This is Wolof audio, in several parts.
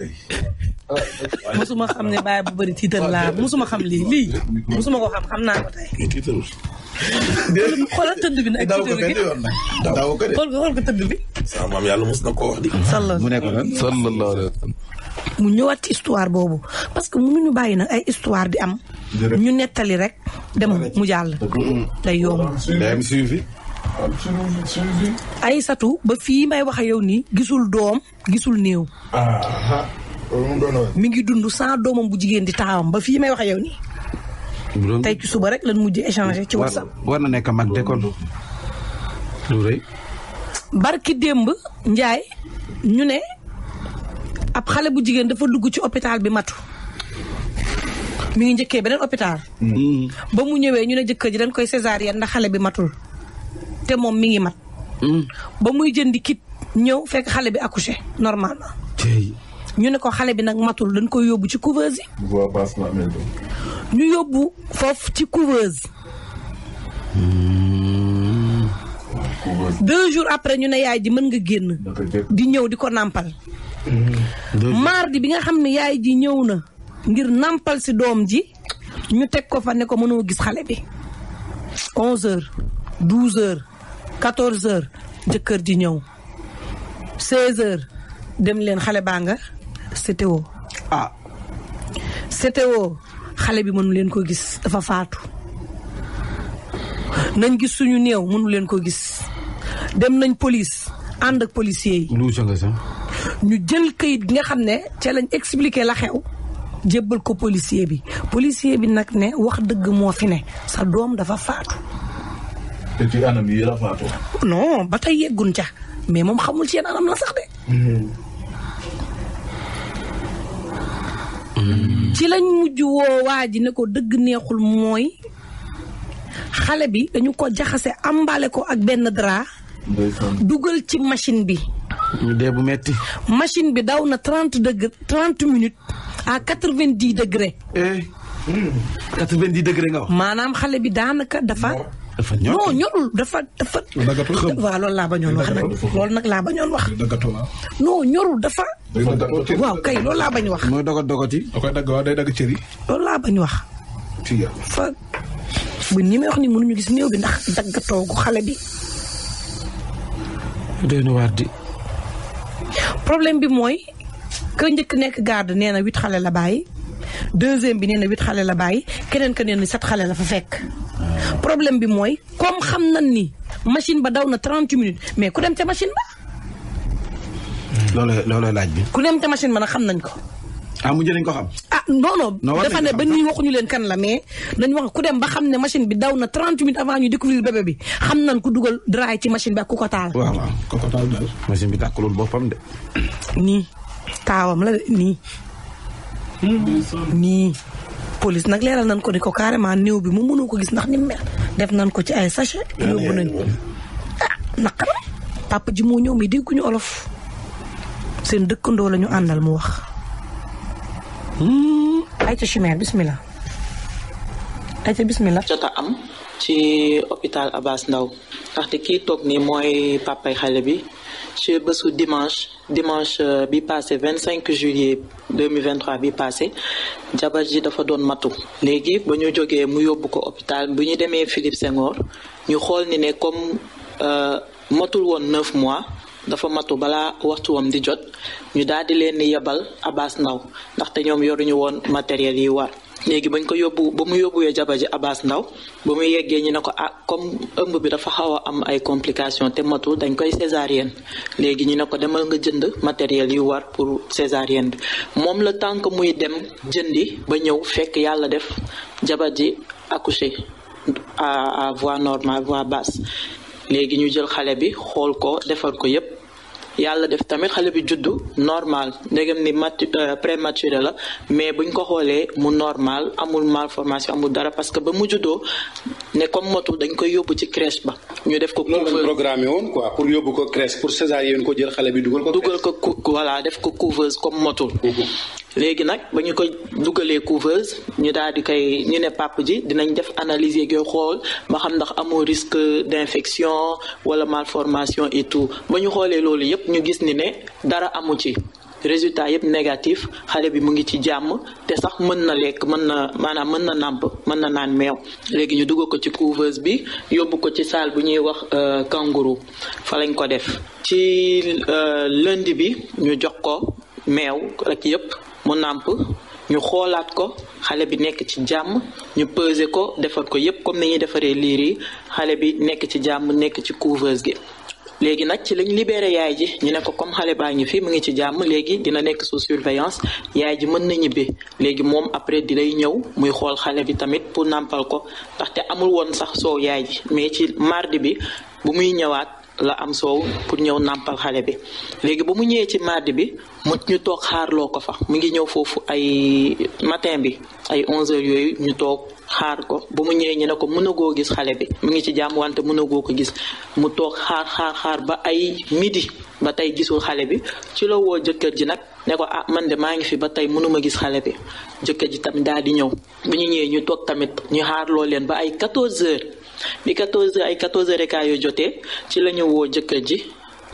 kay. musuma xam ne baay bu bëri tiital laa musuma xam lii lii musuma ko xam xam naa ko tey. xoolal tëdd bi nag. daaw ko tëdd bi. yàlla mos na koo mu nekk lan sallallahu alayhi wa sallam. mu ñëwaat ci boobu parce que mënuñu bàyyi nag ay histoire di am. ñu nettali rek dem mu jàll. day yomb. ay satu ba fii may wax yow nii gisul doom gisul néew. mu ngi dund saa doomam bu jigéen di taxawam ba fii may wax yow ni tey ci suba rek lan mujj échanger ci whatsapp. war na nekk mag de kon lu rëy. barki démb Njaay ñu ne ab xale bu jigéen dafa dugg ci hôpital bi mat mi ngi njëkkee beneen hôpital. Mm-hmm. ba mu ñëwee ñu ne jëkkër ji dañ koy césarienne ndax xale bi matul. te moom mi ngi mat. Hmm. ba muy jëndi kit ñëw fekk xale bi accouché normalement. ñu ne ko xale bi nag matul dañ koy yóbbu ci couveuse yi. ñu yóbbu foofu ci hmm. couveuse. deux jours après ñu ne yaay ji mën nga génn. di ñëw di ko nàmpal. mardi bi nga xam ne yaay ji ñëw na ngir nàmpal si doom ji ñu teg ko fa ne ko mënoo gis xale bi. onze heures douze heures. quatorze heures jëkkër ji ñëw seize heures dem leen xale baa nga CTO. ah CTO xale bi mënu leen ko gis dafa faatu nañ gis suñu néew mënu leen ko gis dem nañ police ànd ak policiers yi. ñu jël kayit gi nga xam ne ca lañ expliquer la xew. jébbal ko policier bi policier bi nag ne wax dëgg moo fi ne sa doom dafa faatu. te ci non ba tey yeggun ca mais moom xamul ci yenn anam la sax de. ci lañ mujj woo waa ji ne ko dëgg neexul mooy xale bi dañu ko jaxase ambale ko ak benn drap. dugal ci machine bi. ñu dee bu metti machine bi daw na trente degré trente minutes à quatre vingt dix degré. Eh. quatre vingt dix degré nga maanaam xale bi daanaka dafa. dafa ñor ñorul dafa dafa. dagatu waaw loolu laa bañoon wax nag. loolu bañoon wax. dagatu waaw. non ñorul dafa. waaw kay loolu laa bañ wax. mooy dogat dogati. da koy dagg waaw day dagg cër loolu laa bañ wax. ci fa bu ñi may wax ni ñu gis néew bi ndax daggatoo gu xale bi. doy na di. problème bi mooy. ka njëkk nekk garde nee na huit xale la bàyyi. deuxième bi nee na huit xale la bàyyi keneen ka nee na sept xale la fa fekk. problème bi mooy comme xam nan ni machine ba daw na 30 minutes mais ku dem ca machine ba. looloo looloo laaj ku dem te machine ba nag xam nañ ko. ah mujj nañ ko xam. ah non non. dafa ne ba nii waxuñu leen kan la mais dañu wax ku dem ba xam ne machine bi daw na 30 minutes avant ñu découvrir bébé bi xam nañ ku dugal draay ci machine bi ak ku ko taal. waaw waaw ku ko taal daal. machine bi tàkkulul boppam de. nii taawam la de nii. Hmm. police nag leeral nañ ko ni ko carrément néew bi mu mënoo ko gis ndax ni mel def nañ ko ci ay sachet yóbbu nañ ko ah naqar ji moo ñëw mi dégguñu olof seen dëkkandoo lañu àndal mu wax hmm. ay ca chimère bismillah ay ca bismillah jot a am ci hôpital Abass ndaw ndaxte kii toog nii mooy papay xale bi ci bésu dimanche dimanche euh, bi passé vingt cinq juillet deux mille vingt trois bi passé jabar ji dafa doon matu léegi ba ñu jógee mu yóbbu ko hôpital bu ñu demee Philippe Senghor ñu xool ni ne comme euh, matul woon neuf mois dafa matu balaa waxtu waxtuwam di jot ñu daal di leen yebal Abass Ndao ndaxte ñoom yoruñu woon matériel yi war léegi bañ ko yóbbu ba mu yóbbuwee jabar ji Abass Ndao ba mu yeggee ñu ne ko ah comme ëmb bi dafa xaw a am ay complications te matul dañ koy césarienne léegi ñu ne ko demal nga jënd matériel yu war pour césarienne bi moom la tant que muy dem jëndi ba ñëw fekk yàlla def jabar ji accouché à à voie normale voie basse léegi ñu jël xale bi xool ko defar ko yépp yàlla def tamit xale bi juddu normal ndegam ni mat euh, prématuré la mais bu ñu ko xoolee mu normal amul malformation amul dara parce que ba mu juddoo ne comme motul dañ koy yóbbu ci crèche ba ñu def ko. couveuse programmé woon quoi pour yóbbu ko crèche pour césarienne ko jël xale bi dugal ko. dugal ko voilà def ko couveuse comme motul. léegi nag ba ñu koy dugalee couveuse ñu daal di koy ñu ne pàpp ji dinañ def analyse yeeg xool ba xam ndax amoo risque d' infection wala malformation et tout ba ñu xoolee loolu yëpp ñu gis ni ne dara amu ci résultat yëpp négatif xale bi mu ngi ci jàmm te sax mën na lekk mën na maanaam mën na nàmp mën na naan meew léegi ñu dugal ko ci couveuse bi yóbbu ko ci salle bu ñuy wax euh, kangourou fa lañ ko def ci euh, lundi bi ñu jox ko meew rek yëpp mu nàmp ñu xoolaat ko xale bi nekk ci jàmm ñu peser ko defar ko yépp comme ni ñuy defaree liir yi xale bi nekk ci jàmm nekk ci couveuse gi léegi nag ci lañ libéré yaay ji ñu ne ko comme xale baa ngi fi mu ngi ci jàmm léegi dina nekk su surveillance yaay ji mën na ñibbi léegi moom après dinay ñëw muy xool xale bi tamit pour nàmpal ko ndaxte amul woon sax soow yaay ji mais ci mardi bi bu muy ñëwaat la am soow pour ñëw nàmpal xale bi léegi ba mu ñëwee ci mardi bi mu ñu toog xaarloo ko fa mu ngi ñëw foofu ay matin bi ay 11 heures yooyu ñu toog xaar ko ba mu ñëwee ñu ne ko mënagoo gis xale bi mu ngi ci jàmm wante mënagoo ko gis mu toog xaar ba ay midi ba tey gisul xale bi ci la jëkkër ji nag ne ko ah man de maa ngi fi ba tey mënuma gis xale bi jëkkër ji tamit daal di ñëw bu ñu ñëwee ñu toog tamit ñu xaarloo leen ba ay 14 heures. bi 14 ay 14h et jotee ci la ñu woo jëkkër ji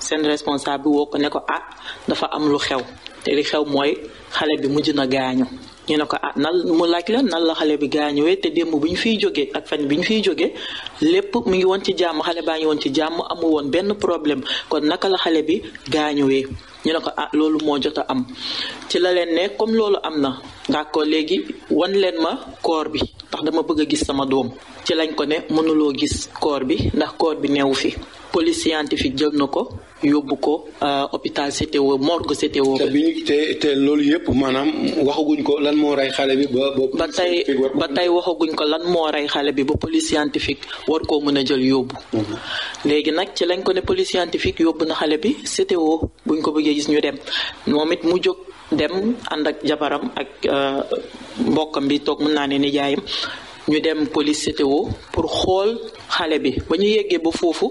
seen responsable woo ko ne ko ah dafa am lu xew te li xew mooy xale bi mujj na gaañu. ñu ne ko ah nan mu laaj la nan la xale bi gaañuwee te démb bi ñu fiy jógee ak fan bi ñu fiy jógee lépp mu ngi woon ci jàmm xale baa ngi woon ci jàmm amul woon benn problème kon naka la xale bi gaañuwee ñu ne ko ah loolu moo jot a am ci la leen ne comme loolu am na d'accord léegi wan leen ma koor bi ndax dama bëgg a gis sama doom ci lañ ko ne mënuloo gis koor bi ndax koor bi neewu fi police scientifique jël na ko yóbbu ko euh, hôpital CTO morgue CTO. te bi ñu te loolu yëpp maanaam waxaguñ ko lan moo rey xale bi ba. ba tey waxaguñ ko lan moo rey xale bi ba police scientifique war koo mën a jël yóbbu. Mhm. léegi nag ci lañ ko ne police scientifique yóbbu na xale bi CTO buñ ko bëggee gis ñu dem moom it mu jóg dem ànd ak jabaram ak euh, mbokkam bi toog mun naa ne nijaayam ñu dem police CTO pour xool xale bi ba ñu yéggee ba foofu.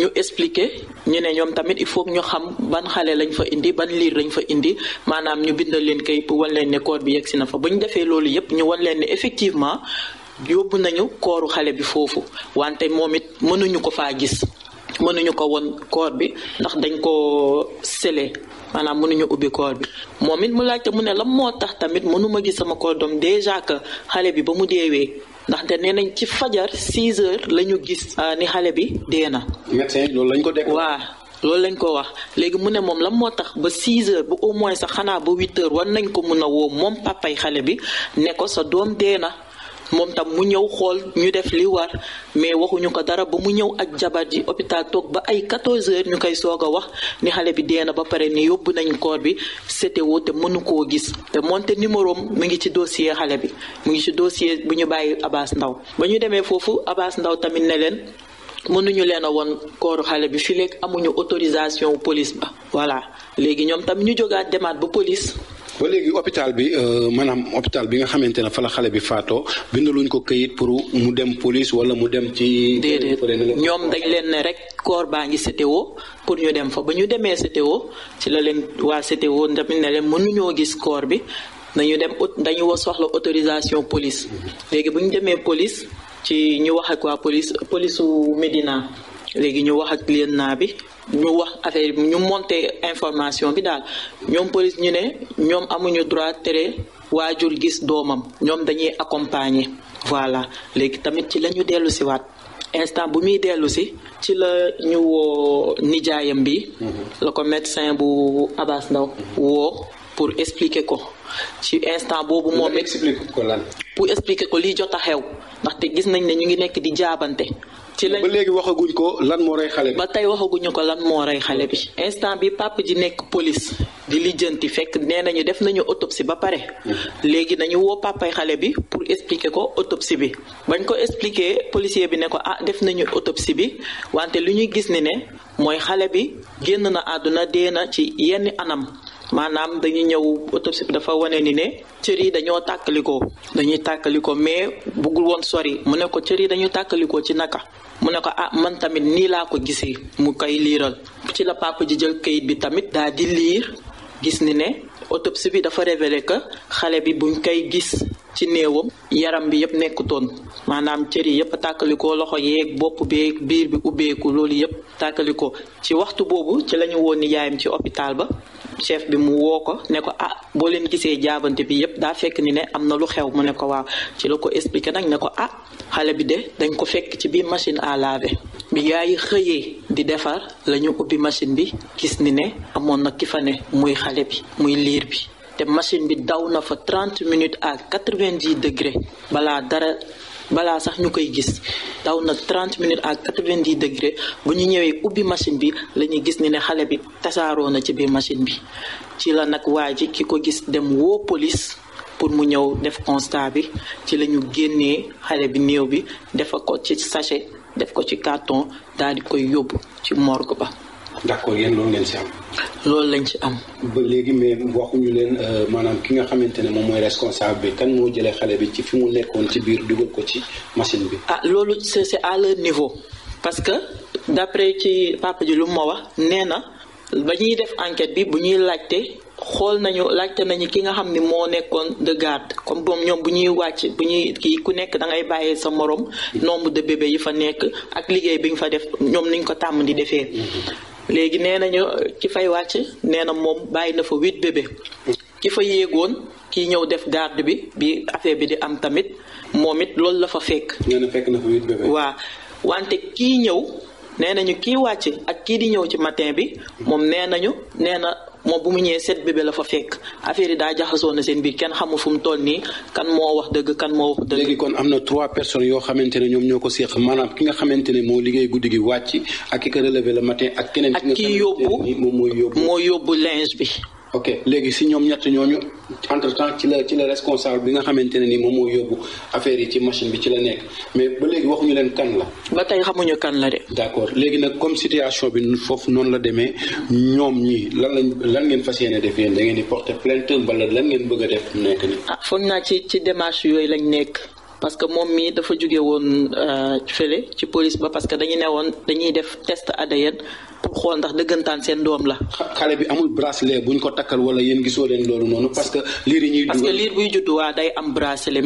ñu expliquer ñu ne ñoom tamit il faut ñu xam ban xale lañ fa indi ban liir lañu fa indi maanaam ñu bindal leen kayit wan leen ne koor bi yegg si na fa bu ñu defee loolu yëpp ñu wan leen ne effectivement yóbbu nañu kooru xale bi foofu wante moom it mënuñu ko faa gis mënuñu ko won koor bi ndax dañ ko sele maanaam mënuñu ubbi koor bi moom it mu laajte mu ne lan moo tax tamit mënuma gis sama koor doom déjà que xale bi ba mu deewee ndaxte nee nañ ci fajar 6 heures la ñu gis euh, ni xale bi dee na. médecin loolu lañ ko dégg. waaw loolu lañ ko wax léegi mu ne moom lan moo tax ba 6 heures ba au moins sax xanaa ba 8 heures war nañ ko mun a woo moom papay xale bi ne ko sa doom dee na. moom tam mu ñëw xool ñu def li war mais waxuñu ko dara ba mu ñëw ak jabar ji hôpital toog ba ay 14 heures ñu koy soog a wax ni xale bi dee na ba pare ni yóbbu nañu corps bi CTO te mënu koo gis te monte numéro mu ngi ci dossier xale bi mu ngi ci dossier bu ñu bàyyi Abass Ndao ba ñu demee foofu Abass ndaw tamit ne leen mënuñu leen a woon kooru xale bi fii léegi amuñu autorisation police ba voilà léegi ñoom tam ñu jógaat demaat ba police ba léegi hôpital bi euh, maanaam hôpital bi nga xamante ne fa la xale bi faatoo bindaluñ ko kayit pour mu dem police wala mu dem ci. Euh, déedéet ñoom dañ leen ne rek corps baa ngi CTO pour ñu dem fa ba ñu demee CTO ci la leen waa CTO tamit ne leen mënuñoo gis corps bi nañu dem dañu wa soxla autorisation police léegi bu ñu demee police ci ñu wax ak waa police police u Médina. léegi ñu wax ak client naa bi ñu wax affaire bi ñu monter information bi daal ñoom police ñu ne ñoom amuñu droit tere waajur gis doomam ñoom dañuy accompagner voilà léegi tamit ci la ñu dellu si waat instant bu muy dellu si ci la ñu woo nijaayam bi mhm. la ko médecin bu Abass Ndao mhm. woo pour expliquer ko ci instant boobu moom it pour expliquer ko lii jot a xew ndaxte gis nañ ne ñu ngi nekk di jaabante ci lañ ba léegi waxaguñ ko lan moo rey xale bi. ba tey waxaguñu ko lan moo rey xale bi instant bi papa ji nekk police di lijjanti fekk nee nañu def nañu autopsie ba pare. Hmm. léegi nañu woo papay xale bi pour expliquer ko autopsie bi bañ ko expliquer policier bi ne ko ah def nañu autopsie bi wante lu ñu gis ni ne mooy xale bi génn na àdduna dee na ci yenn anam. maanaam dañu ñëw autopsie dafa wane ni ne cër yi dañoo tàkkalikoo dañuy tàkkalikoo mais buggul woon sori mu ne ko cër yi dañuy tàkkalikoo ci naka mu ne ko ah man tamit nii laa ko gisee mu koy liiral ci la papa ji jël kayit bi tamit daa di liir gis ni ne autopsie bi dafa révélé que xale bi buñ kay gis ci néewam yaram bi yëpp nekkutoon maanaam cër yi yëpp a tàkkalikoo loxo yéeg bokk beeg biir bi ubbeeku loolu yëpp tàkkalikoo ci waxtu boobu ci la ñu woon ni yaayam ci hôpital ba chef bi mu woo ko ne ko ah boo leen gisee jaabante bi yëpp daa fekk ni ne am na lu xew mu ne ko waaw ci la ko expliquer nag ne ko ah xale bi de dañ ko fekk ci biir machine à laver bi yaay xëyee di defar la ñu ubbi machine bi gis ni ne amoon na ki fa ne muy xale bi muy liir bi te machine bi daw na fa 30 minutes à 90 degrés balaa dara balaa sax ñu koy gis daw na 30 minutes à 90 degré bu ñu ñëwee ubbi machine bi la ñuy gis ni ne xale bi tasaaroo na ci biir machine bi ci la nag waa ji ki ko gis dem woo police pour mu ñëw def constat bi ci la ñu génnee xale bi néew bi defa ko ci sachet def ko ci carton daal di koy yóbbu ci morgue ba d'accord yéen loolu ngeen si am. loolu lañ ci am. ba léegi mais waxuñu leen euh, maanaam ki nga xamante ne moom mooy responsable bi kan moo jëlee xale bi ci fi mu nekkoon ci biir dugal ko ci machine bi. ah loolu c'est c'est à leur niveau parce que d'après ci papa ji lu ma wax nee na ba ñuy def enquête bi bu ñuy laajte xool nañu laajte nañu ki nga xam ni moo nekkoon de garde comme boom ñoom bu ñuy wàcc bu ñuy kii ku nekk da ngay bàyyee sa morom nombre de bébé yi fa nekk ak liggéey bi ñu fa def ñoom niñ ko tàmm di defee. Mm-hmm. léegi nee nañu ki fay wàcc nee na moom bàyyi na fa huit bébé ki fa yéegoon kii ñëw def garde bi bi affaire bi di am tamit moom it loolu la fa fekk. nee fekk na fa huit bébé. wante kii ñëw nee nañu kii wàcc ak kii di ñëw ci matin bi moom nee nañu nee na moom bu mu ñëwee set bébé la fa fekk affaire yi daa jaxasoo na seen biir kenn xamul fu mu toll nii kan moo wax dëgg kan moo wax dëgg. léegi kon am na trois personnes yoo xamante ne ñoom ñoo ko seex maanaam ki nga xamante ne moo liggéey guddi gi wàcc ak ki ko relevé le ak keneen. ki nga xamante ne moom mooy yóbbu moo yóbbu linge bi. ok léegi si ñoom ñett ñooñu entre temps ci la ci la responsable bi nga xamante ne ni moom moo yóbbu affaire yi ci machine bi ci la nekk mais ba léegi waxuñu leen kan la. ba tey xamuñu kan la de. d' accord léegi nag comme situation bi foofu noonu la demee ñoom ñii lan lañ lan ngeen fas yéene def yéen da ngeen di porter plainte wala lan ngeen bëgg a def mu nekk nii. ah foog naa ci ci démarche yooyu lañ nekk. parce que moom mii dafa jóge woon euh, fele ci police ba parce que dañu ne woon dañuy def test ADN pour xool ndax dëggantaan seen doom la. xale bi amul bracelet buñ ko takkal wala yéen gisoo leen loolu noonu parce liir yi ñuy. juddu waa day am mm-hmm. bracelet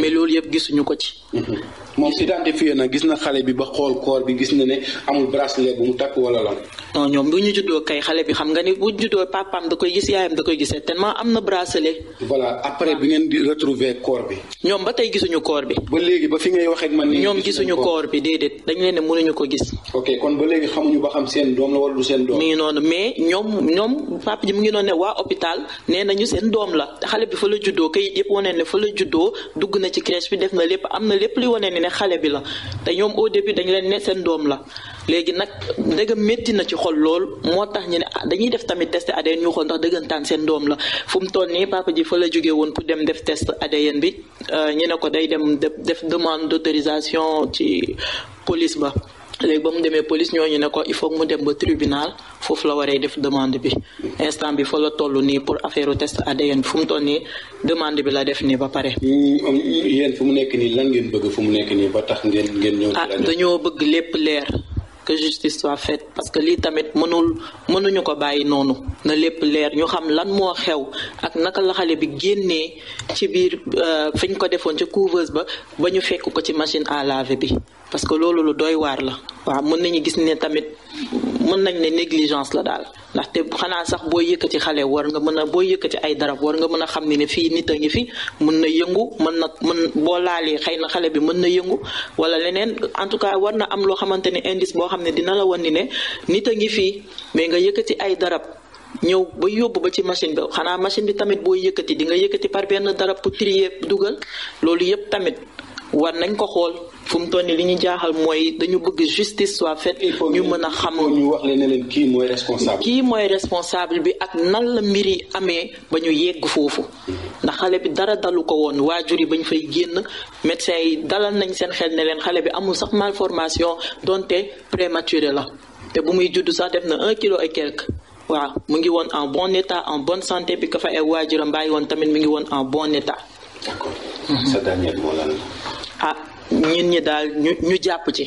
bu mu takk wala lan. non ñoom bu ñu juddoo kay xale bi xam nga ni bu juddoo papaam da koy gis yaayam da koy gis tellement am na bracelet. voilà après bi ngeen retrouver koor bi. ñoom ba tey gisuñu koor bi. ba léegi ba fi ngay wax ak man. ñoom gisuñu koor bi déedéet dañ leen mënuñu ko gis. ok kon seen mi ngi noonu mais ñoom ñoom papa ji mu ngi noonu ne waa hôpital nee na ñu seen doom la xale bi fa la juddoo kayit yëpp wane ne fa la juddoo dugg na ci crèche bi def na lépp am na lépp luy wane ne xale bi la te ñoom au début dañ leen ne seen doom la léegi nag dëgg métti na ci xol lool moo tax ñu ne ah, dañuy def tamit test ADN ñu xool ndax dëggantaan seen doom la fu mu toll nii papa ji fa la jógee woon pour dem def test ADN bi euh, ñu ne ko day dem def demande d'autorisation ci police léegi ba mu demee police ñooñu ne ko il faut mu dem ba tribunal foofu la waree def demande bi instant bi fa la toll nii pour affaire test ADN bi fu mu toll nii demande bi la def nii ba pare. yéen fu mu nekk nii lan ngeen bëgg fu mu nekk nii ba tax ngeen ngeen ñëw. ah dañoo bëgg lépp leer. que justice soit faite parce que lii tamit mënul mënuñu ko bàyyi noonu na lépp leer ñu xam lan moo xew ak naka la xale bi génnee ci biir euh, fiñ ko defoon ca couveuse ba ba ñu fekk ko ci machine à laver bi parce que loolu lu doy waar la waaw mën nañu gis ne tamit mën nañ ne négligence la daal ndaxte xanaa sax boo yëkkati xale war nga mën a boo yëkkati ay darab war nga mën a xam ne ne fii nit a ngi fi mën na yëngu mën na mën boo laalee xëy na xale bi mën na yëngu wala leneen en tout cas war na am loo xamante ne indice boo xam ne dina la wan ni ne nit a ngi fii mais nga yëkkati ay darab ñëw ba yóbbu ba ci machine bi xanaa machine bi tamit boo yëkkati dinga nga yëkkati par benn darab pour trier dugal loolu yëpp tamit war nañ ko xool. fu mu toll nii li ñu jaaxal mooy dañu bëgg justice soit faite. ñu mën a xam ñu wax leen kii mooy responsable. kii mooy responsable bi ak nan la mbir yi amee ba ñu yegg foofu ndax xale bi dara dalu ko woon waajur yi ba fay génn médecin yi dalal nañ seen xel ne leen xale bi amul sax mal malformation donte prématuré la te bu muy juddu sax def na un kilo et quelque. waaw mu ngi woon en bon état en bonne santé bi ka fa ay waajuram bàyyi woon tamit mu ngi woon en bon état. ñin ñi daal ñu ñu jàpp ci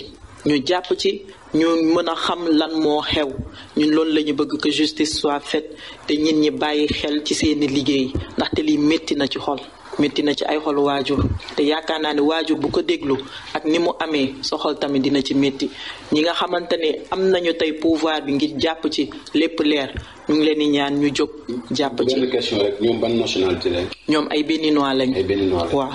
ñu jàpp ci ñu mën a xam lan moo xew ñun loolu lañu bëgg que justice soit faite te ñin ñi bàyyi xel ci seeni liggéey ndaxte lii métti na ci xol métti na ci ay xol waajur te yaakaar naa ne waajur bu ko déglu ak ni mu amee sa xol tamit dina ci métti ñi nga xamante ne am nañu tey pouvoir bi ngir jàpp ci lépp leer ñu ngi leen di ñaan ñu jóg jàpp ci. benn question rek ñoom ban nationalité lañ. ñoom ay béninois lañ. ay béninois lañ waaw.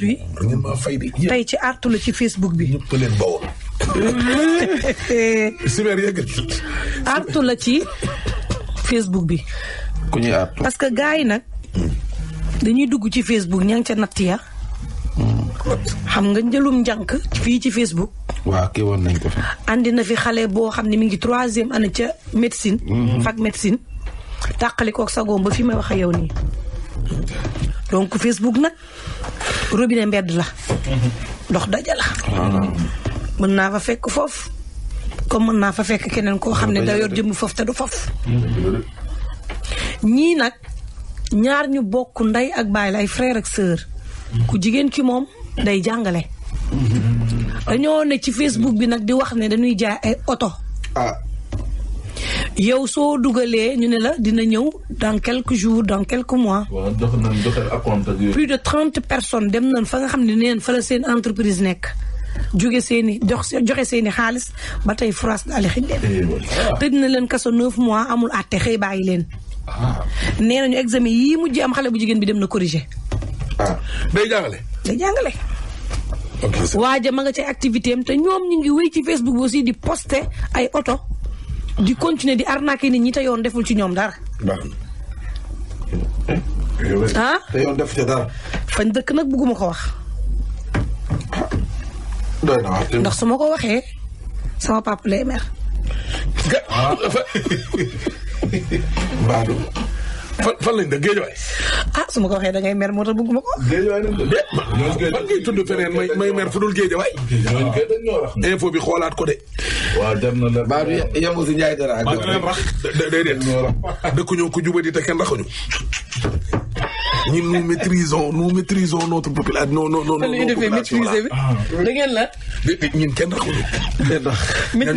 bi. da ngeen maa fay di. tey ci artu la ci Facebook bi. ñëpp leen bawoon. bi. ku parce que gars yi nag. dañuy dugg ci Facebook ña ngi ca natt ya xam nga njëlum njànk fii ci Facebook. waaw kii woon nañ na fi xale boo xam ne mi ngi troisième année ca médecine. Mhm. fac médecine. tàqali kook sagoom ba fi may wax ak yow nii. donc Facebook nag robinet mbedd la. Mhm. ndox daja la. mën naa fa fekk foofu comme mën naa fa fekk keneen koo xam ne da yor jëmm foofu te du foofu. Mhm. ñii nag ñaar ñu bokk ndey ak baay la ay frère ak sœur. Mhm. ku jigéen ki moom day jàngale. dañoo ne ci Facebook bi nag di wax ne dañuy jaay ay oto. Ah. yow soo dugalee ñu ne la dina ñëw dans quelques jour dans quelque mois. plus de trente personnes dem nañ fa nga xam ne neen fa seen entreprise nekk. jóge seeni i joxe seen i xaalis ba tey France daal di eh, leen. tëj na leen kaso neuf mois amul àtte xëy bàyyi leen. Ah. nee nañu examen yii mujj am xale bu jigéen bi dem na corriger. ah jàngale. day jàngale. waaja ma nga ci activité am te ñoom ñu ngi wéy ci Facebook aussi di poster ay oto. di continuer di arnaquer nit ñi te yoon deful ci ñoom dara. Eh, eh, ah te yoon def dara. fañ dëkk nag bëgguma ko wax. Ah, doy na ndax su ma ko waxee sama papa lay mer. ah Badou. fan fan lañ def géej waay. ah su ma ko waxee da ngay moo tax bëgguma ko. géej waay de man ngay tudd feneen may mer fu dul géej waay. Ah. info bi xoolaat ko de. waaw jar na la. Baadu yemu si Njaay dara. maa ngi leen rax déedéet. dëkk ñoo ko jubadi te kenn raxuñu. ñun nous notre population non non non. non kenn raxuñu. ñu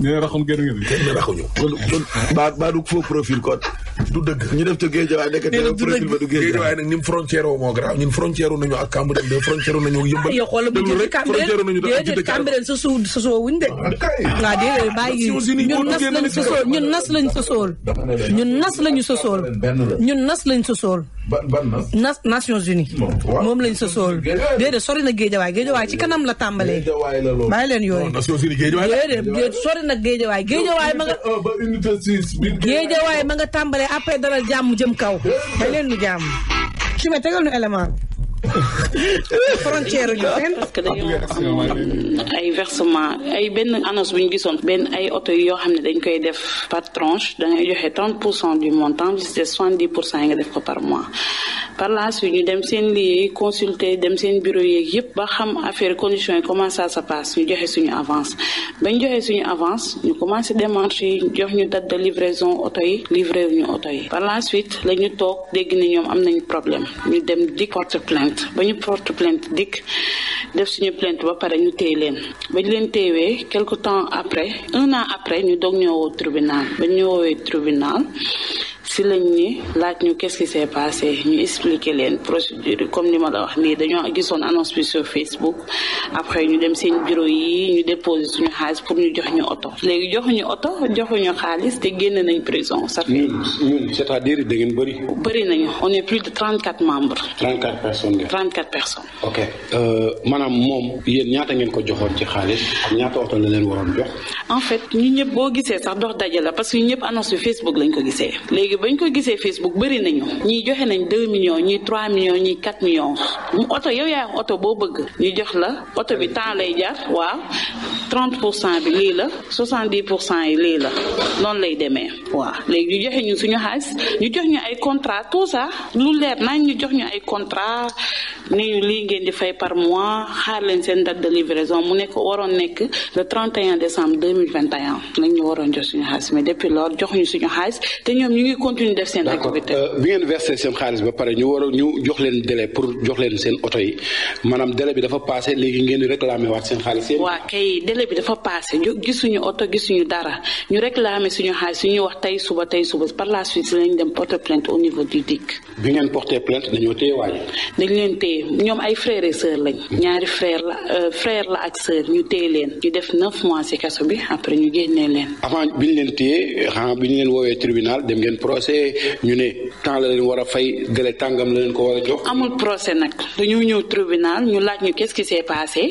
ne raxum gën ngeen. profil kon. du dëgg. ñu def ca Géejawaay nekk du Géejawaay ñun frontière woo moo grave ñun frontière wu nañu ak Cambérène de frontière wu nañu ak yëmbal. yow xoolal bu jëlee Cambérène déedéet Cambérène sa soo sa soo wuñ de. waaw ah, déedéet ah, bàyyi ñun ñun nas lañ sa ñun nas lañu sa ba ban nas. Nations Unies. moom lañ sa sool. déedéet sori na géejawaay géejawaay ci kanam la tàmbalee. géejawaay la lool bàyyi leen yooyu. Nations Unies géejawaay la na géejawaay géejawaay ma nga. ba unité six nga tàmbalee après dara jàmm jëm kaw. bàyyi leen nu jàmm. su ma tegal nu élément frontière ñu seen parce que dañoo am ay versement ay benn annonce bu ñu gisoon benn ay oto yoo xam ne dañ koy def par tranche dangay joxe 30 pour cent du montant bi c'est 70 pour cent yi nga def ko par mois par la suite ñu dem seen liggéey consulter dem seen bureau yeeg yëpp ba xam affaire condition yi comment ça passe ñu joxe suñu avance bañ joxe suñu avance ñu commencé démarche yi jox ñu date de livraison oto yi livré ñu oto yi par la suite la ñu toog dégg ne ñoom am nañu problème ñu dem dikk porte plainte ba ñu porte plainte dikk def suñu plainte ba pare ñu téye leen ba ñu leen teewee quelque temps après un an après ñu doog ñoo woo tribunal ba woowee tribunal si lañ laaj ñu qu'est-ce qui s'est passé ñu expliquer leen procédure yi comme ni ma la wax nii dañoo gisoon annonce bi sur Facebook après ñu dem seen bureau yi ñu déposer suñu xaalis pour ñu jox ñu oto léegi joxuñu oto joxuñu xaalis te génne nañ prison ça fait ñun c'est-à-dire da ngeen bëri bëri nañu on est plus de trente quatre membres trente quatre personnes trente quatre personnes ok euh, moom yéen ñaata ngeen ko joxoon ci xaalis ak ñaata oto la leen waroon jox en fait ñu ñëpp boo gisee sax dox daje la parce que ñu ñëpp annonce bi Facebook lañ ko gisee léegi gi ñu ko gisee Facebook bëri nañu ñii joxe nañ deux millions ñii trois millions ñii quatre millions mu oto yow yaay oto boo bëgg ñu jox la oto bi temps lay jar waaw trente pour cent bi lii la soixante dix pour cent yi lii la noonu lay demee waaw léegi ñu ñu suñu xaalis ñu jox ñu ay contrat tout ça lu leer nañ ñu jox ñu ay contrat ni lii ngeen di fay par mois xaar leen seen date de livraison mu nekk waroon nekk le 31 décembre 2021 lañ ñu waroon jox suñu xaalis mais depuis loolu jox ñu suñu xaalis te ñoom ñu ngi continuer def seen activité. Euh, bi ngeen versé seen xaalis ba pare ñu war a ñu jox leen délai pour jox leen seen oto yi maanaam délai bi dafa passé léegi ngeen réclamer waat seen xaalis yéen. ñu wax tey suba tey suba par la suite lañ dem porter plainte au niveau du DIC. bi ngeen porter plainte dañoo téye waaj. dañ leen téye ñoom ay frères et lañ. ñaari frère la euh, frère la ak sœur ñu téye leen ñu def neuf mois ci kaso bi après ñu génnee leen. avant bi ñu leen téye xanaa bi ñu leen procès ñu ne temps la leen war a fay délai tàngam la leen ko war a jox. amul procès nag dañu ñëw tribunal ñu laaj ñu qu'est-ce qui s'est passé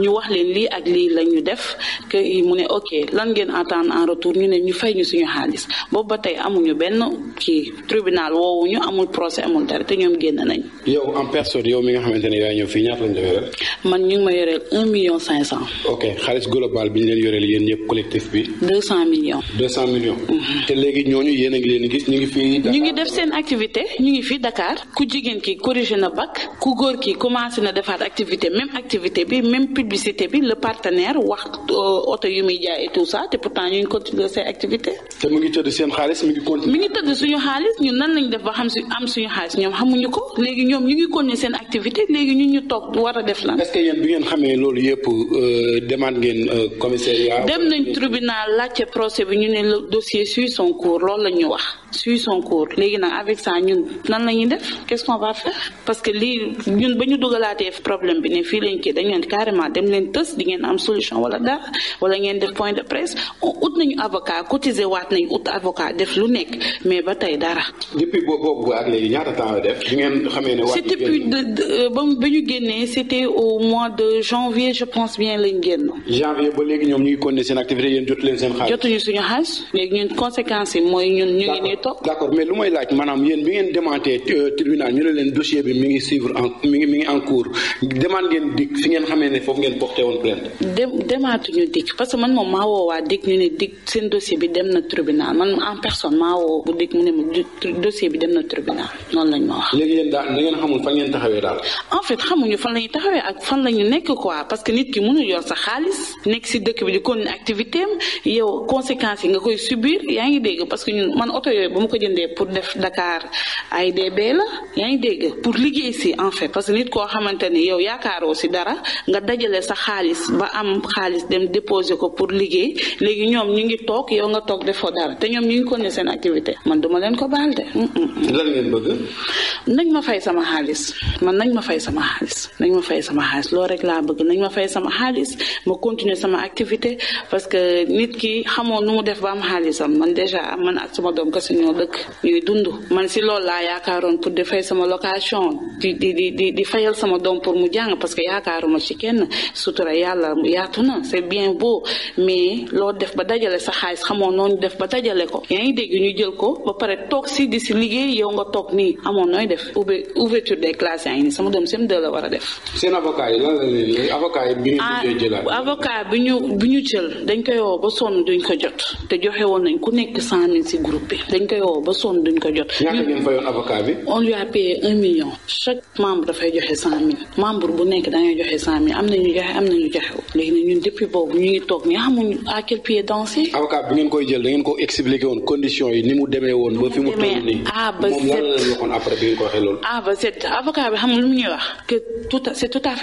ñu wax leen lii ak lii la ñu def que mu ne ok lan ngeen attendre en retour ñu ne ñu fay ñu suñu xaalis boobu ba tey amuñu benn kii tribunal woowuñu amul procès amul dara te ñoom génn nañ. yow en personne yow mi nga xamante ne yaa ñëw fii ñaata lañ defee man ñu ngi ma yoreel un million cinq cent. ok xaalis global bi ñu leen yoreel yéen ñëpp collectif bi. deux cent mhm. te léegi ñooñu yéen ngi leen gis. ñu ngi fii. ñu ngi def seen activité ñu ngi fii Dakar ku jigéen ki corrigé na bac ku góor ki commencé na defaat activité même activité bi même publicité bi le partenaire wax euh, oto yu muy jaay et tout ça te pourtant ñu ngi continuer seen activité. te mu ngi tëdd seen xaalis mi ngi continuer. mi ngi tëdd suñu xaalis ñu nan lañu def ba xam si am suñu xaalis ñoom xamuñu ko léegi ñoom ñu ngi continuer seen activité léegi ñun ñu toog war a def lan. est-ce que yéen bi ngeen xamee loolu yëpp euh, demande ngeen euh, commissariat. dem nañ tribunal laajte procès bi ñu ne le dossier suit son loolu la ñu wax. suit son cours léegi nag avec ça ñun nan la def qu'est-ce qu'on va faire parce que lii ñun ba ñu dugalaatee problème bi ne fii lañ kii dañ leen carrément dem leen tës di ngeen am solution wala dara wala ngeen def point de presse ut nañu avocat cotiser waat nañu ut avocat def lu nekk mais ba tey dara. depuis boobu ak léegi ñaata temps la def. bi ngeen xamee ne c'était plus de euh, ba ba ñu génnee c'était au mois de janvier je pense bien lañ génn. janvier ba léegi ñoom ñu ngi continuer seen activité yéen jotu leen seen to d' accord mais lu may laaj maanaam yéen bi ngeen demantee euh, tribunal ñu ne leen dossier bi mi ngi suivre en mi ngi mi en cours demande ngeen dikk fi ngeen xamee ne foofu ngeen porté woon plainte. de parce que man moom maa woo waa dikk ñu ne dikk seen dossier bi dem na tribunal man en personne maa woo bu dikk mu ne ma dossier bi dem na tribunal noonu lañ ma wax. léegi yéen daal da ngeen xamul fan ngeen taxawee daal. en fait xamuñu fan la taxawee ak fan la ñu nekk quoi parce que nit ki mënul yor sa xaalis nekk si dëkk bi di continuer activité yow conséquences yi nga koy subir yaa ngi dégg parce que ñun man oto ba mu ko jëndee pour def Dakar AIBD la yaa ngi dégg pour liggéey si en fait parce que nit koo xamante ni yow yaakaaroo si dara nga dajale sa xaalis ba am xaalis dem déposer ko pour liggéey léegi ñoom ñu ngi toog yow nga toog defoo dara te ñoom ñu ngi continuer seen activité man duma leen ko baal de. Mm, mm, mm. lan ngeen bëgg. nañ ma fay sama xaalis man nañ ma fay sama xaalis nañ fay sama xaalis loolu rek laa bëgg nañ ma fay sama xaalis ma continuer sama activité parce que nit ki xamoo nu mu def ba am xaalisam man man ak sama doom kese ñoo dëkk ñooy dund man si loolu laa yaakaaroon pour di fay sama location di di di di fayal sama doom pour mu jàng parce que yaakaaruma ci kenn sutura yàlla yaatu na c'est bien boo mais loo def ba dajale sa xaalis xamoon nooñu def ba dajale ko yaa ngi dégg ñu jël ko ba pare toog si di si liggéey yow nga toog nii amoon nooy def oubien ouverture des classes yaa ngi nii sama doom sem de la war a def. seen avocat ah, bi ñu jël dañ koy woo ba sonn duñ ko jot te joxe woon nañ ku nekk cent si groupe bi. dañ koy woo ba sonn duñ ko jot. ñaata ngeen fayoon avocat bi. on lui a payé un million. chaque membre dafay joxe cent mille membre bu nekk da ngay joxe cent mille am na am na ñu joxe léegi ñun depuis boobu ñu ngi toog ñu xamuñu à quel pied danser. avocat bi koy jël da ngeen ko expliqué woon conditions yi ni mu demee woon. ba fi mu toll nii moom lan la bi xam nga lu mu ñuy wax que tout c' est tout à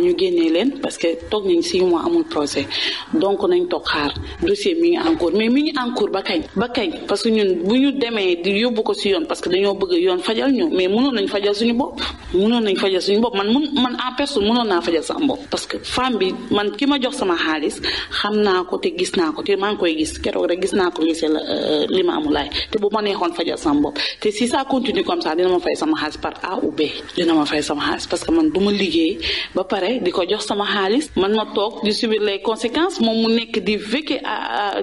ñu génnee leen parce que toog nañ six mois amul procès donc nañ toog xaar dossier mi ngi en mais mi ngi en ba kañ ba kañ parce ñun bu ñu ñu demee di yóbbu ko ci yoon parce que dañoo bëgg yoon fajal ñu mais mënoon nañ fajal suñu bopp mënoon nañ man mun man en personne mënoon naa fajal sama bopp parce que femme bi man ki ma xaalis xam naa ko gis naa ko te maa ngi koy gis keroog rek gis naa ko gisee la euh, li ma amul laay te fajal sama bopp te si sa continue comme ça dina ma fay sama xaalis par A ou B parce que man du ma liggéey ba pare di ko jox sama xaalis man ma toog di subir les conséquences moom mu nekk di vécu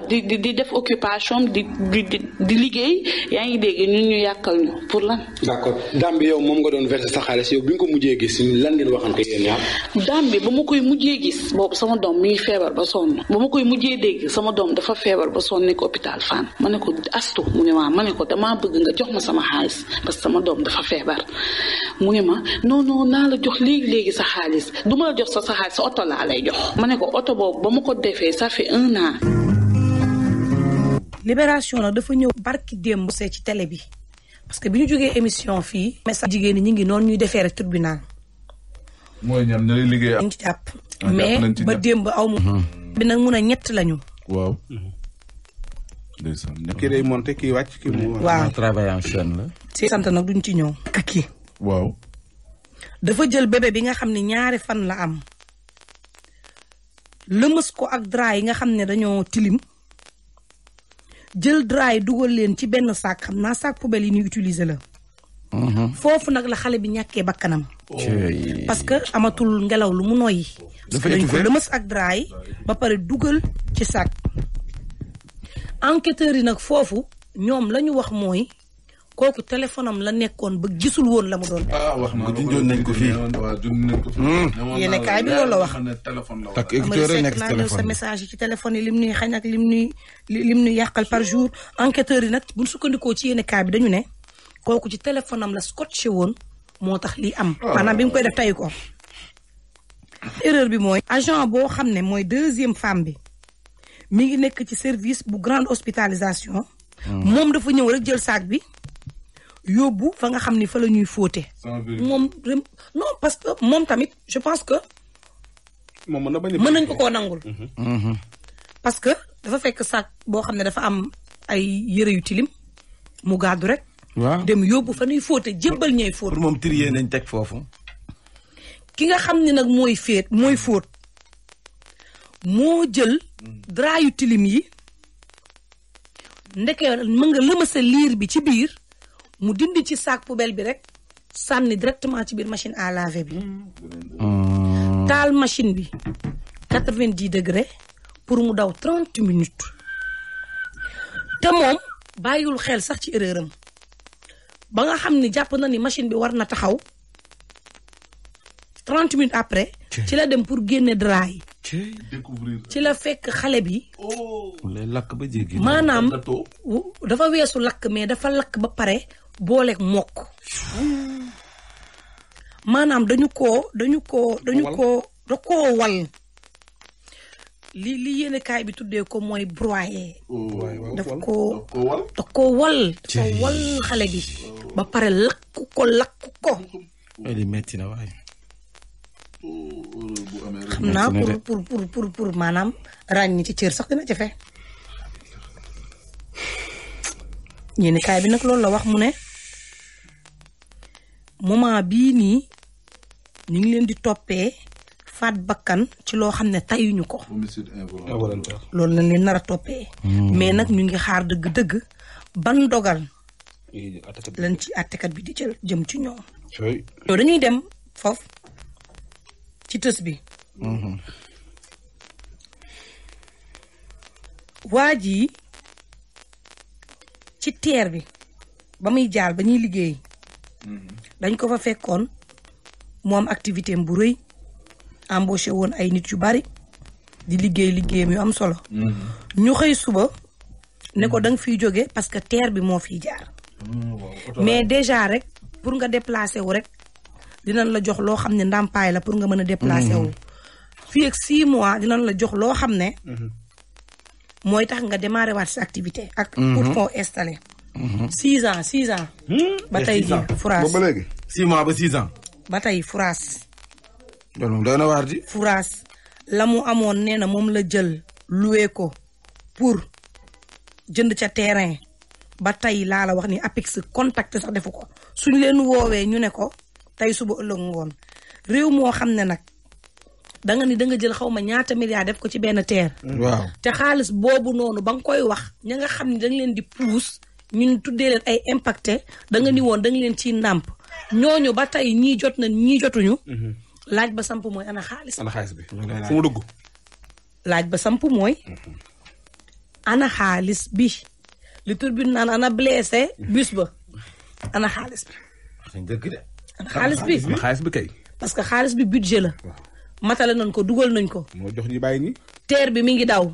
di def occupation di di di liggéey yi yaa ngi dégg ñun ñu yàqal ñu pour lan. d'accord daam bi yow moom nga doon verser sa xaalis yow bi nga ko mujjee gis lan ngeen waxante yéen ñaar. daam mujjee gis boobu sama doom mi ngi feebar ba sonn ba ma koy mujjee dégg sama doom dafa feebar ba sonn nekk hôpital Fann ma ne ko astu mu ne ma ma ne ko damaa bëgg nga jox ma sama xaalis parce que sama doom dafa feebar mu ne ma non non naa la jox léegi léegi sa xaalis du ma la jox sa sa xaalis sa oto laa lay jox ma ne ko oto boobu ba ma ko defee ça fait un an. libération nag dafa ñëw barki démb see ci tele bi parce que bi ñu jógee émission fii. message jigéen ñi ñu ngi noonu ñuy defee rek tribunal. mooy ñam ñooy liggéey. ñu ci jàpp ah, mais ba démb aw ma. Mhm. bi ñett lañu. waaw. ndeysaan kii wàcc kii mu. waaw en chaîne la. si sant nag duñ ci ñëw. kii. waaw. dafa jël bébé bi nga xam ne ñaari fan la am. lëmës ko ak dra yi nga xam ne dañoo tilim. jël draay dugal leen ci benn saak xam naa saak poubelle yi ñuy utiliser la. Mhm. foofu nag la xale bi ñàkkee bakkanam parce que amatul ngelaw lu mu noyyi. dafa dañ ko lëmas ak draay ba pare dugal ci saak. enquêteurs yi nag foofu ñoom la ñu wax mooy kooku téléphone la nekkoon ba gisul woon la mu doon. ah wax na junjoon nañ ko fii. Hmm. yéen kaay bi loolu la wax. takk écouteur rek nekk téléphone sa message yi ci téléphone yi lim nuy xañ ak lim nuy yàqal par jour enquêteurs yi nag bu ñu sukkandikoo ci yéen kaay bi dañu ne kooku ci téléphone am la scotché woon moo tax li am. Ah. maanaam bi mu koy def tay ko. erreur bi mooy. agent boo xam ne mooy deuxième femme bi mi ngi nekk ci service bu grande hospitalisation. Hmm. moom dafa ñëw rek jël saak bi. yóbbu fa nga xam ni fa la ñuy fóote moom non parce que moom tamit je pense que moom mën nañ ko koo nangul mm-hmm. parce que dafa fekk sac boo xam ne dafa am ay yëre yu tilim mu gàddu rek waaw dem yóbbu fa ñuy fóote jébbal ñay fóot moom trier nañ teg foofu ki nga xam ni nag mooy féet mooy fóot moo jël drap yu tilim yi ndeke mën nga lëmasa liir bi ci biir mu dindi ci sac poubelle bi rek sànni directement ci biir machine à laver bi. Ah. taal machine bi quatre-vingt-dix degré pour mu daw trente minutes te moom bàyyiwul xel sax ci erreur am ba nga xam ni jàpp na ni machine bi war na taxaw trente minutes après. ci la dem pour génne drap yi. ci la fekk xale bi. Oh. maanaam dafa weesu lakk mais dafa lakk ba pare booleeg mokk maanaam dañu ko dañu ko dañu koo da koo wal li li yéene kaay bi tuddee ko mooy broyé oh, daf ko da koo wal da ko wal xale gi ba pare lakk ko lakk ko eh, metti na waay oh, xam naa pour pour pour pour pour maanaam ràññi ci cër sax dina jafe yéene kaay bi nag loolu la wax mu ne moment bii nii ñu ngi leen di toppee faat bakkan ci loo xam ne tayuñu ko. loolu la leen nar a toppee. Hmm. mais nag ñu ngi xaar dëgg-dëgg ban dogal. lañ ci àttekat bi di jël jëm ci ñoom. yow dañuy dem foofu ci tës bi. Hmm. waa ji ci teer bi ba muy jaar ba ñuy liggéey. dañ ko fa fekkoon moom activité am bu rëy embauché woon ay nit yu bari di liggéey liggéeyam yu am solo. Mm-hmm. ñu xëy suba ne ko da fiy jóge parce que terre bi moo fiy jaar. Mm-hmm. mais déjà rek pour nga déplacé wu rek dinañ la jox loo xam ne ndàmpaay la pour nga mën a déplacé mm-hmm. wu. fii ak six mois dinañ la jox loo xam ne. mooy tax nga démarré waat sa activité. ak pour foo installé. six ans six ans. Hmm? ba tey ji furaas ba léegi. six mois ba six ans. ba tey furaas. loolu moom doy na la mu amoon nee na moom la jël loué ko pour jënd ca terrain ba tey laa la wax ni APIX contact sax defu ko suñ leen woowee ñu ne ko tey suba ëllëg ngoon réew moo xam ne nag. danga nga ni da nga jël xaw ma ñaata milliards def ko ci benn terre. waaw te xaalis boobu noonu ba nga koy wax ña nga xam ne dañ leen di puus ñun tuddee leen ay impacté da ni woon da leen ci nàmp ñooñu ba tey ñii jot nañ ñii jotuñu. Mhm. laaj ba samp mooy ana xaalis. ana xaalis bi fu mu dugg. ba samp mooy. Mhm. ana xaalis bi. li tur bi naan ana blessé. bus ba ana xaalis bi. ana xaalis bi ana xaalis bi kay. parce que xaalis bi budget la. matale nañ ko dugal nañ ko. moo jox ñi bàyyi ñi. bi mi ngi daw.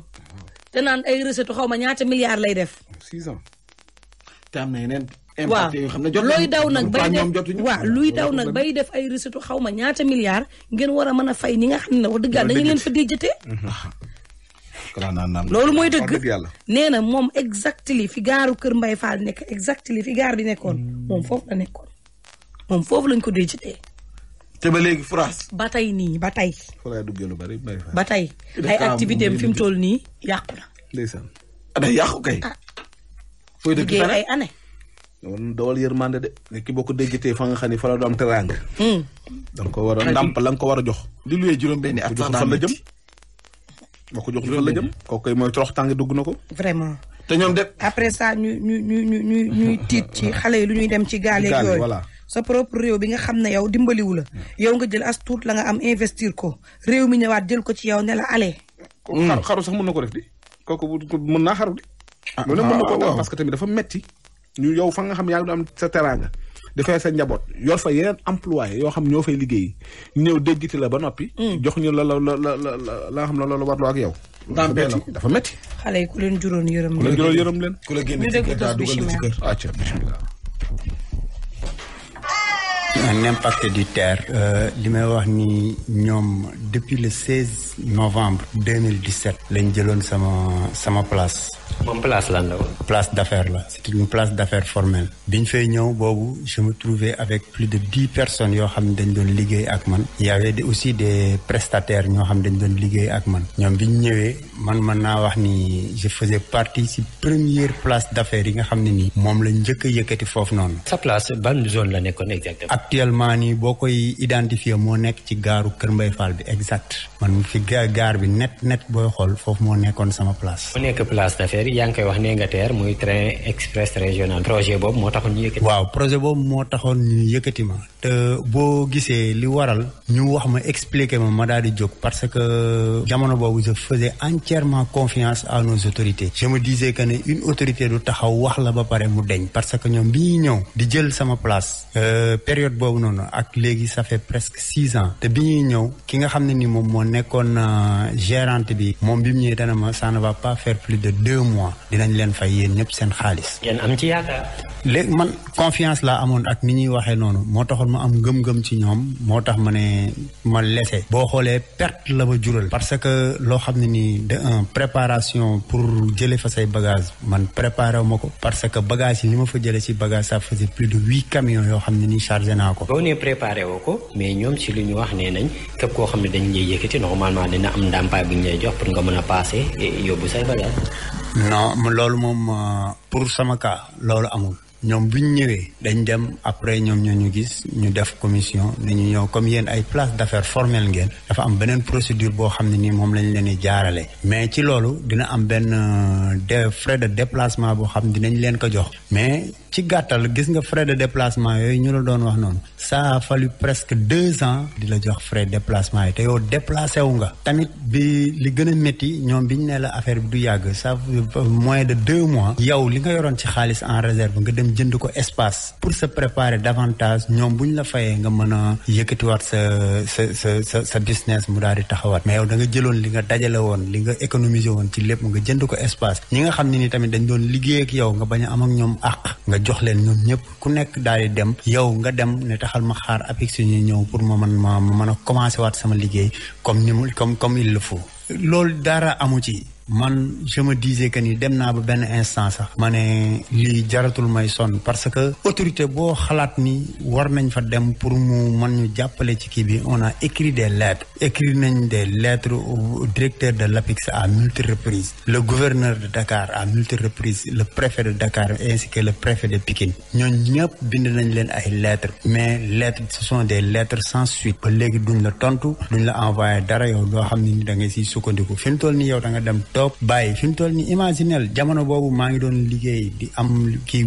te naan ay recette xaw ma ñaata milliards lay def. 600. te am na yeneen. yoo xam ne jot looy daw nag bay def waaw luy daw nag bay def ay recette xaw ma ñaata milliards ngeen war a mën fay ñi nga xam ne wax dëgg yàlla dañu leen fa déjjatee. loolu mooy dëgg nee na moom exactly fi gaaru Kër Mbay Fall nekk exactly fi gaar bi nekkoon hmm. moom foofu la nekkoon moom foofu lañ ko déjjatee. te ba léegi France. ba tey nii ba tey. ba tey ay activité am fi mu toll nii yàqu na. ndeysaan yàqu kay. Ah. fooy dëgg tane ay année. woon dawal yërmande de nekk boo ko déggtee fa nga xam ne fa la doon hmm. da ko war la ko war a jox. di luyee juróom-benni at sax fan la jëm. boo ko jox fan la jëm. kooku koy mooy torox tàng dugg na ko. vraiment. te ñoom de. après sa ñu ñu ñu ñu ñu ñuy tiit ci xale yi lu ñuy dem ci gaale yooyu voilà. sa propre réew bi nga xam ne yow dimbaliwu la hmm. yow nga jël as tuut la nga am investir ko réew mi ñëwaat jël ko ci yow ne la ale. Hmm. xaru sax mën na ko def di kooku mën naa xaru di ah waaw ah, mën na ko ah, parce que tamit dafa metti ñu yow fa nga xam yaa ngi am sa teraanga. dafay sa njaboot yor fa yeneen employé yoo xam ñoo fay liggéey ñëw déggiti la ba noppi. Hmm. jox ñu la la la la la la xam ne loolu warloo ak yow. dafa metti dafa metti. xale yi ku leen juróon yërëm leen ku leen juróon yërëm leen. ku la génne ci kër daa dugal ci kër. acca bismillah. un impact du terre. Euh, li may wax ni ñoom depuis le 16 novembre 2017. lañ jëloon sama sama place. moom place lan la woon. place d' la c' est une place d' affaires bi ñu fay ñëw boobu je me trouvais avec plus de dix personnes yoo xam ne dañ doon liggéey ak man. y avait aussi des prestataires ñoo xam ne dañ doon liggéey ak man. ñoom bi ñëwee man man naa wax ni je faisais partie si première place d' affaires yi nga xam ne nii. moom la njëkk yëkkati foofu noonu. sa place ban zone la nekkoon exactement. actuellement nii boo koy identifier moo nekk ci gaaru Kër Mbay Fall bi exact man fi gaar bi net net booy xool foofu moo nekkoon sama place. mu secteur yi yaa ngi koy wax ne nga teer muy train express régional projet boobu moo taxoon ñu yëkkati. waaw projet ma. te boo gisee li waral. ñu wax ma expliquer ma ma daal di jóg parce que jamono boobu je faisais entièrement confiance à nos autorités. je me disais que ne une autorité du taxaw wax la ba pare mu deñ parce que ñoom bi ñuy ñëw di jël sama place. Euh, période boobu noonu ak léegi ça fait presque six ans. te bi ñuy ñëw ki nga xam ne ni moom moo nekkoon euh, gérante bi moom mois dinañ leen fay yéen ñëpp seen xaalis. yéen am ci yaakaar. léegi man confiance laa amoon ak ni ñuy waxee noonu moo taxoon ma am gëm-gëm ci ñoom moo tax ma ne ma lese boo xoolee perte la ma jural parce que loo xam ne nii de un préparation pour jële fa say bagage man préparé wu ko parce que bagage yi li ma fa jële ci bagage ça faisait plus de huit camions yoo xam ne nii chargé naa ko. boo nee préparé woo ko mais ñoom ci li ñu wax nee nañ képp koo xam ne dañ lay yëkkati normalement dina am ndàmpaay bu ñu lay jox nga mën a paase yóbbu say bagage non loolu moom euh, pour sama cas loolu amul. ñoom bu ñu ñëwee dañ dem après ñoom ñoo ñu gis ñu def commission ne ñu ñëw comme yéen ay place d'affaires formelle ngeen dafa am beneen procédure boo xam ne nii moom lañu leen di jaarale mais ci loolu dina am benn euh, de frais de déplacement boo xam dinañ leen ko jox mais ci gàttal gis nga frais de déplacement yooyu ñu la doon wax noonu ça a presque deux ans di la jox frais de déplacement yi te yow déplacé wu nga tamit bi li gën a métti ñoom bi ñu nee la affaire bi du yàgg ça moins de deux mois yow li nga yoro ci xaalis en réserve nga dem jënd ko espace pour sa préparer davantage ñoom bu ñu la fayee nga mën a yëkkatiwaat sa sa sa sa sa business mu daal di taxawaat mais yow da nga jëloon li nga dajale woon li nga économiser woon ci lépp nga jënd ko espace ñi nga xam ne ni tamit dañ doon liggéey ak yow nga bañ a am ak ñoom àq nga jox leen ñoom ñëpp ku nekk daal di dem yow nga dem ne taxal ma xaar APEX ñuy ñëw pour ma mën ma mën a commencé waat sama liggéey comme ni mu comme il le faut loolu dara man je me disais que nii dem naa ba benn instant sax ma ne lii jaratul may sonn parce que autorité boo xalaat ni war nañ fa dem pour mu man ñu jàppale ci kii bi on a écrit des lettres écrit nañ des lettres au directeur de l'APIX à multi reprises le gouverneur de Dakar à multi reprises le préfet de Dakar ainsi que le préfet de Pikine ñooñu ñëpp bind nañ leen ay lettres mais lettres ce sont des lettres sans suite ba léegi duñ la tontu duñ la envoyé dara yow doo xam ne da nga siy sukkandiku fi mu toll nii yow da nga dem toog bàyyi fi mu toll nii imaginel jamono boobu maa ngi doon liggéey di am kii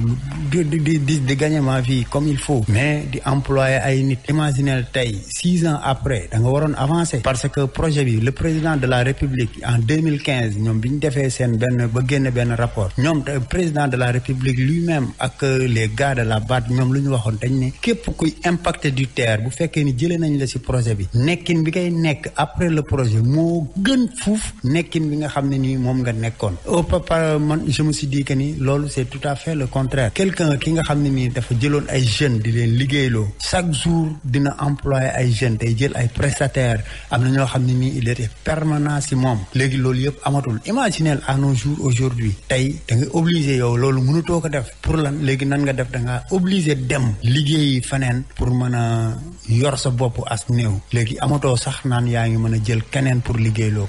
di di di di gagnement fii comme il faut mais di employé ay nit imaginel tey six ans après da nga waroon avancé parce que projet bi le président de la république en deux mille quinze ñoom bi ñu defee seen benn ba génn benn rapport ñoom président de la république lui-même ak euh, les gars de la BAD ñoom lu ñu waxoon dañ ne képp kuy impacté du terre bu fekkee ni jëlee nañ la si projet bi nekkin bi nekk après le projet moo ne nii moom nga nekkoon au par man je me ni loolu c'est tout à fait le contraire quelqu'un ki nga xam ne nii dafa jëloon ay jeunes di leen liggéeyloo chaque jour dina employé ay jeunes day jël ay prestataires am na ñoo xam ne nii il était permanent si moom léegi loolu yëpp amatul imaginez à jour jours aujourd'hui tey da nga obligé yow loolu mënutoo ko def pour lan léegi nan nga def danga nga dem liggéeyi feneen pour mën a yor sa bopp as néew léegi amatoo sax naan yaa ngi mën a jël keneen pour liggéeyloo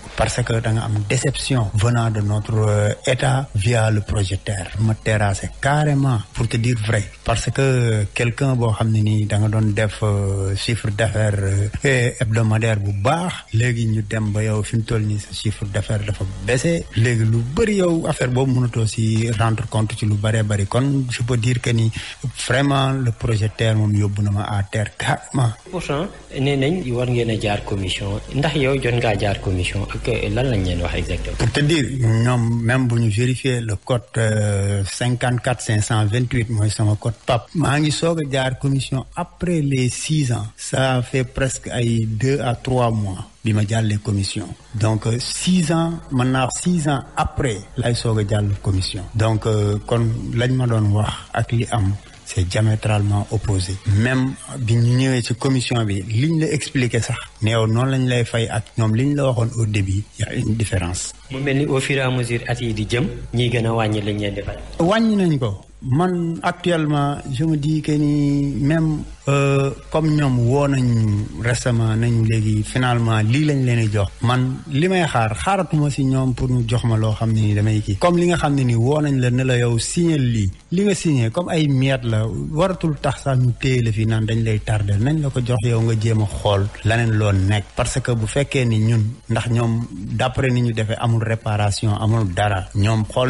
pression venant de notre euh, État via le projet terre ma terrassé carrément pour te dire vrai parce que quelqu'un boo xam ne nii da nga doon def euh, chiffre d'affaires euh, hebdomadaire bu baax léegi ñu dem ba yow fi mu toll nii sa chiffre d'affaires dafa baissé léegi lu bëri yow affaire boobu mënatoo si rendre compte ci lu bëree bëri kon je dire que ni vraiment le projet terre moom yóbbu na ma à terre carrément. pourtant nee war ngeen a jaar commission ndax yow jot ngaa te dire ñoom même bu ñu vérifier le code euh, cinquante quatre cinq cent vingt huit mooy sama code PAP maa ngi soog a jaar commission après les six ans ça fait presque ay deux à trois mois bi ma jàllee commission donc euh, six ans mën naa six ans après lay soog a jàll commission donc euh, kon lañ ma doon wax ak li am c' est diamétralement opposé même bi ñu ñëwee ci commission bi liñ la expliqué sax neew noonu lañ lay fay ak ñoom ñu la waxoon au début y une différence mu mel ni au fur et at yi di jëm ñiy gën a wàññi liñ leen di wàññi nañ ko man actuellement je me dis que même euh, comme ñoom woo nañ récemment nañ léegi finalement lii lañ leen jox man li may xaar xaaratuma si ñoom pour ñu jox ma loo xam ne nii damay kii comme li nga xam ne ni woo nañ la ne la yow signé lii li nga signé comme ay miet la waratul tax sax ñu téye la fii naan dañ lay tardé nañ la ko jox yow nga jéem a xool laneen loo nekk parce que bu fekkee ni ñun ndax ñoom d'après ni ñu defee amul réparation amul dara ñoom xool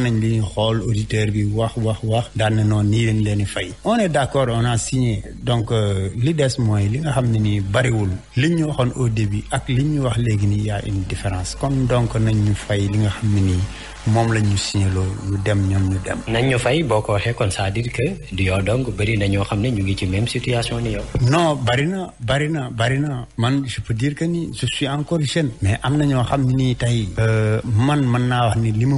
daal ne noonu nii lañ leen di fay on est d' accord on a signé donc euh, li des mooy li nga xam ne nii bariwul liñ ñu waxoon au début ak liñ ñu wax léegi nii y a une différence kon donc nañ ñu fay li nga xam ne nii moom la ñu signé loolu ñu dem ñoom ñu dem. nañ ñu boo ko waxee kon sa à dire que du yow donc bëri na ñoo xam ne ñu ngi ci même situation ni yow. non bari na bari na bari na man je peux dire que ni je suis encore jeune. mais am na ñoo xam ne nii tey. Euh, man mën naa wax ni li ma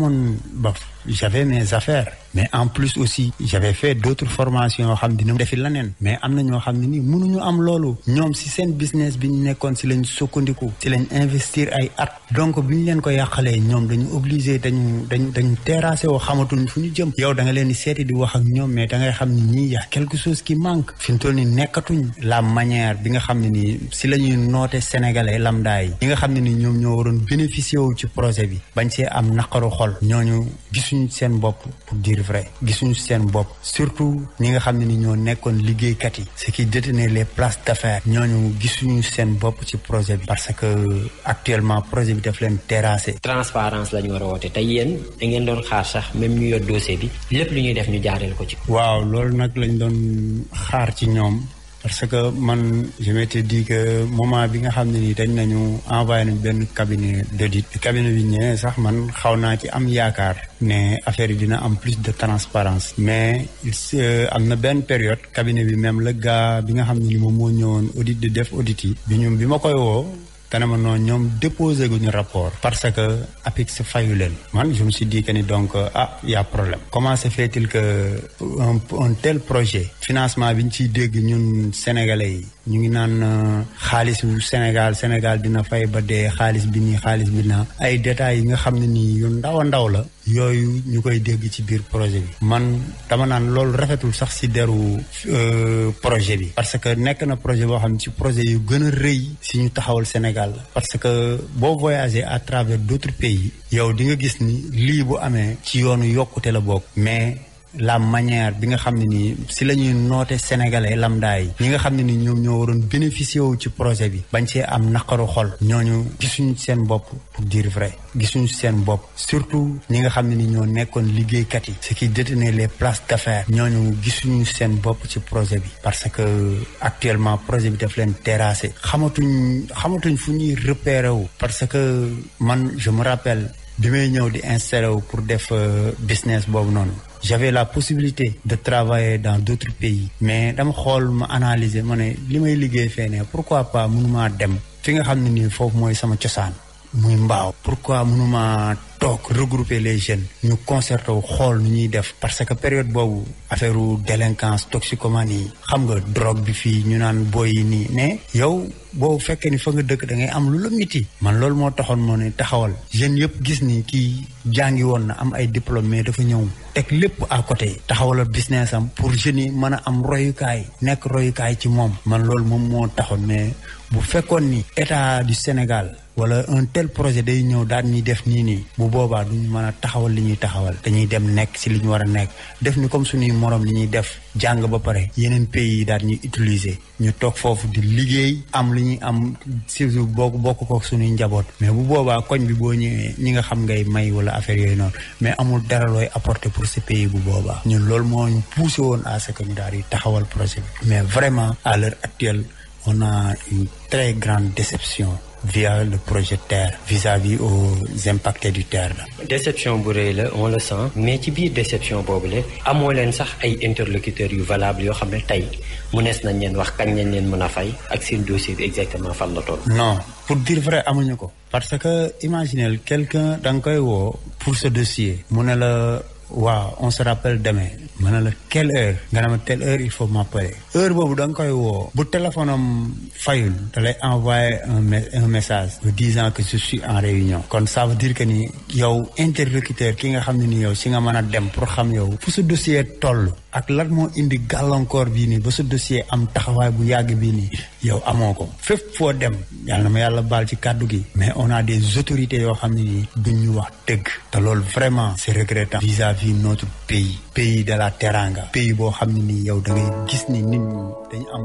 mën j'avais mais affaire mais en plus aussi j'avais fait d'autres formations yoo xam dina defi leneen mais am na ñoo xam ne nii mënuñu am loolu ñoom si seen business bi ñu nekkoon si lañ sukkandiku si lañ investir ay at donc bi ñu leen ko yàqalee ñoom dañu obligé dañu dañu dañu terrassé woo xamatuñ fu ñu jëm yow da nga leen di seeti di wax ak ñoom mais da ngay xam ñii y a quelque manque fi mu toll nekkatuñ la manière bi nga xam ne nii si la ñuy noote sénégalais lambda yi ñi nga xam ne ni ñoom ñoo waroon bénéficier wu ci projet bi bañ see am naqaru xol ñooñu gisuñu gisuñu seen bopp pour dire vrai gisuñu seen bopp surtout ñi nga xam ne ni ñoo nekkoon liggéeykat yi ce qui détenait les places ñoo ñu gisuñu seen bopp ci projet bi parce que actuellement projet bi def leen terrassé. transparence la ñu war woote te yéen da ngeen doon xaar sax mem ñu yor dossier bi lépp li ñuy def ñu jaareel ko ci. waaw loolu nag lañ doon xaar ci ñoom. parce que man je di que moment bi nga xam ne nii dañ nañu envoyé nañ benn cabinet d'audit cabinet bi ñëwee sax man xaw naa ci am yaakaar ne affaire yi dina am plus de transparence mais euh, am na benn période cabinet bi même le gars bi nga xam ne ni moom moo ñëwoon audit di def audit yi bi ñu bi ma koy woo kanama noonu ñoom déposé guñu rapport parce que APIX fayu leen man je si dii dit que ni donc ah y problème comment se il que euh, un, un tel projet financement bi ñu ciy dégg ñun sénégalais yi ñu ngi naan euh, xaalisu Sénégal Sénégal dina fay ba dee xaalis bi nii xaalis bi naa ay détails yi nga xam ne nii yu ndaw a ndaw la yooyu ñu koy dégg ci biir projet bi man tama naan loolu rafetul sax si deru euh, projet bi parce que nekk na projet boo xam ne ci projet yu gën a rëy si ñu taxawul Sénégal la parce que boo voyager à travers d'autres pays yow di nga gis ni lii bu amee ci yoonu yokkute la bokk mais la manière bi nga xam ne nii si la ñuy noote sénégalais lambda yi ñi nga xam ne ni ñoom ñoo waroon bénéficier wu ci projet bi bañ see am naqaru xol ñu gisuñu seen bopp pour dire vrai gisuñu seen bopp surtout ñi nga xam ne ni ñoo nekkoon liggéeykat yi ce qui détenait les places ñoo ñu gisuñu seen bopp ci projet bi parce que actuellement projet bi def leen terrassé xamatuñ xamatuñ fu ñuy repéré wu parce que man je me rappelle bi may ñëw di installé wu pour def euh, business boobu noonu j'avais la possibilité de travailler dans d'autres pays mais dama xool ma analyser ma ne li may liggéey fee ne pourquoi pas mënumaa dem fi nga xam ne nii foofu mooy sama cosaan muy mbaaw pour pourquoi mënuma toog regrouper les jeunes ñu concerté wu xool nu ñuy def parce que période boobu affaire u délinquance toxicomanie yi xam nga drogue bi fii ñu naan boy yi nii mais yow boo fekkee ni fa nga dëkk da ngay am lu la miti man loolu moo taxoon moo ne taxawal jeunes yëpp gis ni kii jàngi woon na am ay diplôme mais dafa ñëw teg lépp à côté taxawalal business am pour jeunes yi mën a am royukaay nekk royukaay ci moom man loolu moom moo taxoon mais bu fekkoon ni état du Sénégal wala un tel projet day ñëw daan ñuy def nii nii bu boobaa duñu mën a taxawal li ñuy taxawal dañuy dem nekk si li ñu war a nekk def ni comme suñuy morom li ñuy def jàng ba pare yeneen pays yi daan ñuy utiliser ñu toog foofu di liggéey am li ñuy am surtout bokk bokk ko suñuy njaboot mais bu boobaa koñ bi boo ñëwee ñi nga xam ngay may wala affaire yooyu noonu mais amul dara looy apporter pour ce pays bu boobaa ñun loolu moo ñu poussé woon à ce que daal di taxawal projet bi mais vraiment à l'heure on a une très grande déception via le projet TER vis-à-vis aux impactés du TER la. déception bu rëy la on le sent mais ci biir déception boobu la amoo leen sax ay interlocuteurs yu valable yoo xam ne tey mu nees nañ leen wax kañ lañ leen mën a fay ak seen dossier bi exactement fan la toll. non pour dire vrai amuñu ko. parce que imaginez quelqu'un da nga koy woo pour ce dossier. mu ne la waaw on se rappelle demain. mu ne la quelle heure. nga ne ma telle heure il faut m'appeler. heure boobu da koy woo bu téléphone am fayul da lay envoyé un un message bu disant que je suis en réunion kon ça veut dire que ni yow interlocuteur ki nga xam ne ni yow si nga mën a dem pour xam yow fu sa dossier toll ak lan moo indi gàllankoor bii nii ba sa dossier am taxawaay bu yàgg bii nii yow amoo ko fépp foo dem yàlla na ma yàlla baal ci kàddu gi mais on a des autorités yoo xam ne nii duñ ñu wax dëgg te loolu vraiment c'est regrettant vis-à-vis notre pays de la teranga pays boo xam ne nii yow da gis ni nit ñi dañu am